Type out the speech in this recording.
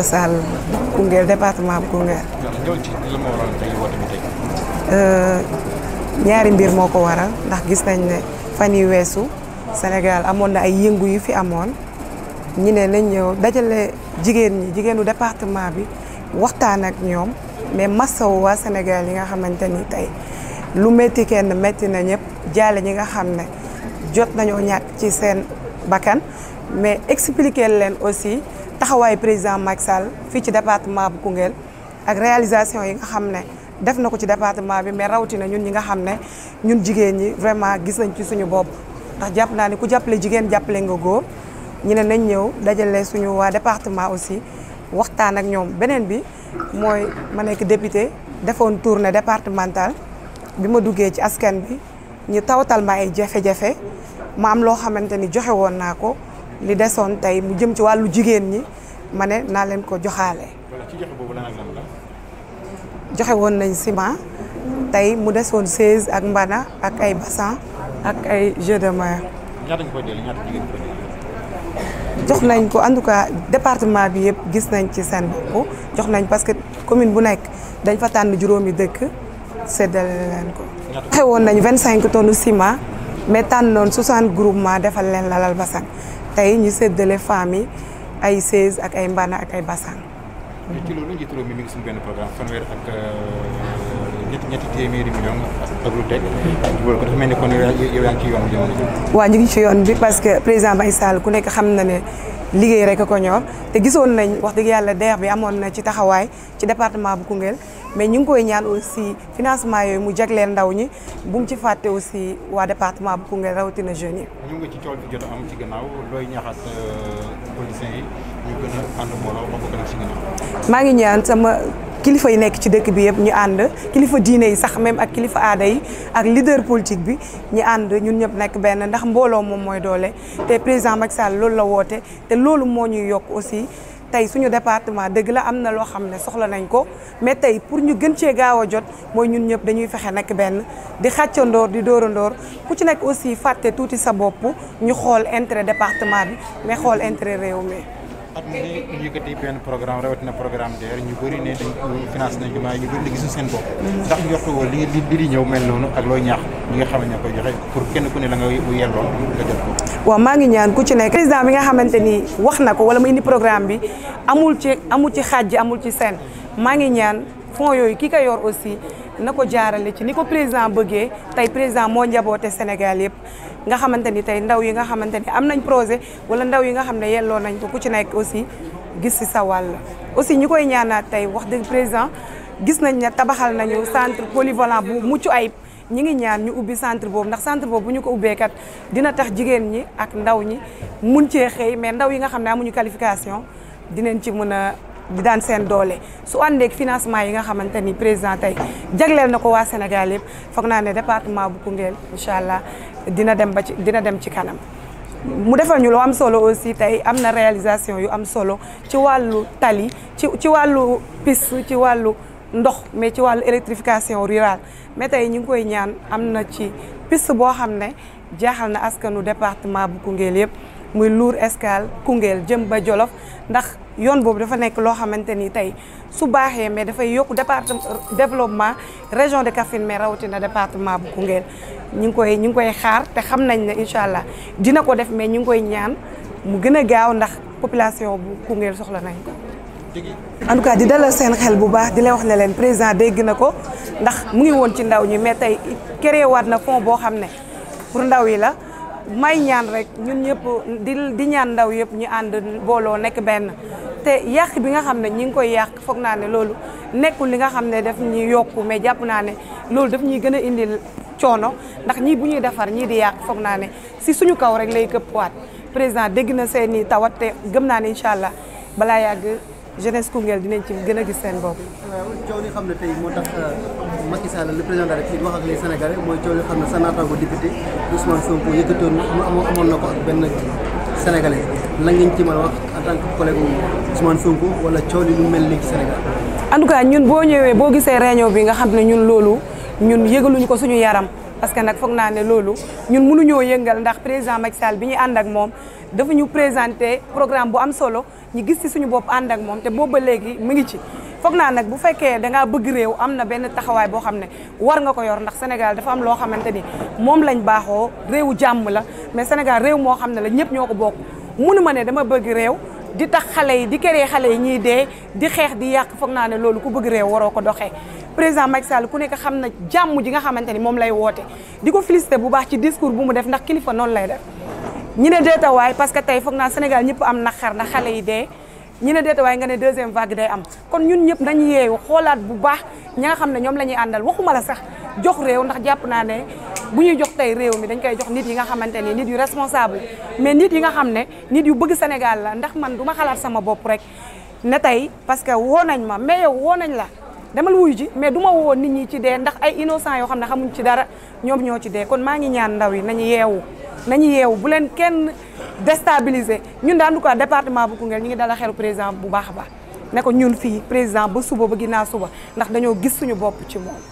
Sall Koungheul département bu Koungheul. Euh, ñaari mbir moo ko waral ndax gis nañ ne fan yi weesu senegal amoon na ay yëngu yu fi amoon ñi ne nañ ñëw dajale jigéen ñi jigéenu département bi waxtaan ak ñoom mais masawu waa senegal yi nga xamante ni tey lu métti kenn na ñëpp jaale ñi nga xam ne jot nañoo ñàkk ci seen bakkan mais expliquer leen aussi. taxawaayu président Macky Sall fii ci département bu Koungheul ak réalisation yi nga xam ne def na ko ci département bi mais rawatina ñun ñi nga xam ne ñun jigéen ñi vraiment gis nañ ci suñu bopp ndax jàpp naa ni ku jàppale jigéen jàppale nga góor ñu ne nañ ñëw dajale suñu waa département aussi waxtaan ak ñoom beneen bi mooy ma nekk député defoon tournée départementale bi ma duggee ci askan bi ñu tawtal ma ay jafe-jafe ma am loo xamante ni joxe woon naa ko li desoon tey mu jëm ci wàllu jigéen ñi ma ne naa leen ko joxaale. joxe woon nañ ciment tey mu desoon chaise ak mbana ak ay bassan ak ay jeu de main. jox nañ ko en tout cas département bi yëpp gis nañ ci seen bopp jox nañ parce que commune bu nekk dañ fa tànn juróomi dëkk séddale leen ko. joxe woon nañ vingt cinq tonnes ciment mais tànnoon soixante groupement defal leen lalal bassan tey ñu séddale femmes yi ay seize ak ay mbana ak ay basang. ci loolu ñetti ñetti téeméeri million ak lu teg loolu dafa ci yoon bi ji. parce que président bay Sall ku nekk xam na ne liggéey rek a ko ñor te gisoon nañ wax dëgg yàlla DER bi amoon na ci taxawaay ci département bu Koungheul mais ñu ngi koy ñaan aussi financement yooyu mu jagleel ndaw ñi bu mu ci fàtte aussi waa département bu Koungheul rawatina jeunes yi. ñu ngi ci tool bi jot am ci gannaaw looy ñaaxaat euh, politiciens yi ñu gën a ànd mbooloo ba ko gën a ci maa ngi ñaan kilifa yi nekk ci dëkk bi yëpp ñu ànd kilifa diine yi sax même ak kilifa aada yi ak leader politique bi ñu ànd ñun ñëpp nekk benn ndax mbooloo moom mooy doole te président Macky Sall loolu la woote te loolu moo ñuy yokk aussi tey suñu département dëgg la am na loo xam ne soxla nañ ko mais tey pour ñu gën cee gaaw a jot mooy ñun ñëpp dañuy fexe nekk benn di xàccandoor di doorandoor ku ci nekk aussi fàtte tuuti sa bopp ñu xool intérêt département bi mais xool intérêt réew mi at mu ne ñu yëkkati benn programme rawatina programme DER ñu bëri ne dañ ko finance nañ ko maay ñu bëri di gisuñ seen bopp. ndax njortu woo li li ñëw mel noonu ak looy ñaax ñi nga xam ne ñoo joxe pour kenn ku ne la nga yelloon nga maa ngi ñaan ku ci nekk président bi nga xamante ni wax na ko wala mu indi programme bi amul ci amul ci xaaj amul ci seen maa ngi ñaan fonds yooyu kii ko yor aussi. na ko jaarale ci ni ko président bëggee tey président moo njaboote Sénégal yëpp nga xamante ni tey ndaw yi nga xamante ni am nañ projet wala ndaw yi nga xam ne yelloo nañ ko ku ci nekk aussi gis si sa wàll aussi ñi koy ñaanaat tey wax dëgg président gis nañ ne tabaxal nañu centre polyvalent bu mucc ayib ñi ngi ñaan ñu ubbi centre boobu ndax centre boobu ñu ko ubbeekat dina tax jigéen ñi ak ndaw ñi mun cee xëy mais ndaw yi nga xam ne amuñu qualification dinañ ci mën a di daan seen doole su àndeek financement yi nga xamante ni président tey jagleel na ko waa Sénégal yëpp foog naa ne département bu Koungheul incha allah dina dem ba ci dina dem ci kanam. mu defal ñu am solo aussi tey am na réalisation yu am solo ci wàllu tali ci ci wàllu piste ci wàllu ndox mais ci wàllu électrification rurale mais tey ñu ngi koy ñaan am na ci piste boo xam ne jaaxal na askanu département bu Koungheul yëpp muy luur Escale Koungheul jëm ba Jolof ndax. yoon boobu dafa nekk loo xamante ni tey su baaxee mais dafay yokk département développement région de Kaffrine mais rawatina département bu Koungheul ñu ngi koy ñu ngi koy xaar te xam nañ ne incha allah dina ko def mais ñu ngi koy ñaan mu gën a gaaw ndax population bu Koungheul soxla nañ ko. en di dalal seen xel bu baax di leen wax ne leen président dégg na ko ndax mu ngi woon ci ndaw ñi mais tey créé na fonds boo xam ne pour ndaw yi la. may ñaan rek ñun ñëpp di di ñaan ndaw yëpp ñu ànd booloo nekk benn te yàq bi nga xam ne ñi ngi koy yàq foog naa ne loolu nekkul li nga xam ne daf ñuy yokku mais jàpp naa ne loolu daf ñuy gën a indi coono ndax ñii bu ñuy defar ñii di yàq foog naa ne si suñu kaw rek lay këpp waat président dégg na seen i tawat gëm naa ne incha allah balaa yàgg jeunesse Koungheul dinañ ci gën a gis seen bopp. waaw coow li xam ne tey moo tax euh, Macky Sall le président de la République wax ak les Sénégalais mooy coow li xam ne sa naataango député Ousmane Sonko yëkkatoon mu amoon amoon na ko ak benn sénégalais lan ngeen ci mën a wax en tant que collègue Ousmane Sonko wala coow li lu mel nii ci Sénégal. en tout cas ñun boo ñëwee boo gisee réunion bi nga xam ne ñun loolu ñun yëgaluñu ko suñu yaram. parce que nag foog naa ne loolu ñun mënuñoo yëngal ndax président Macky Sall bi ñu ànd moom dafa ñu présenté programme bu am solo ñu gis ci suñu bopp ànd ak moom te boobu ba léegi mu ngi ci. foog naa nag bu fekkee da ngaa bëgg réew am na benn taxawaay boo xam ne war nga ko yor ndax Sénégal dafa am loo xamante ni moom lañ baaxoo réewu jàmm la mais Sénégal réew moo xam ne la ñëpp ñoo ko bokk mënu ma ne dama bëgg réew. di tax xale yi di kéré xale yi ñuy dee di xeex di yàq foog naa ne loolu ku bëgg réew waroo ko doxee président Macky Sall ku nekk xam na jàmm ji nga xamante ni moom lay woote di ko félicité bu baax ci discours bu mu def ndax kilifa noonu lay def ñi ne waaye parce que tey foog naa Sénégal ñëpp am naqar ndax xale yi dee ñi ne waaye nga ne deuxième vague day am kon ñun ñëpp nañu yeewu xoolaat bu baax ña nga xam ne ñoom la ñuy àndal waxuma la sax jox réew ndax jàpp naa ne bu ñuy jox tey réew mi dañ koy jox nit yi nga xamante ne nit yu responsable mais nit yi nga xam ne nit yu bëgg Sénégal la ndax man duma xalaat sama bopp rek ne tey parce que woo nañ ma mais yow woo nañ la demal wuyu ji mais du ma woo nit ñi ci dee ndax ay innocent yoo xam ne xam xamuñ ci dara ñoom ñoo ci dee kon maa ngi ñaan ndaw yi nañu yeewu nañu yeewu bu leen kenn déstabiliser ñun daal en a cas département bu Koungheul ñu ngi dala xelu président bu baax a baax ne ko ñun fii président ba suba ba ginnaaw suba ndax dañoo gis suñu bopp ci moom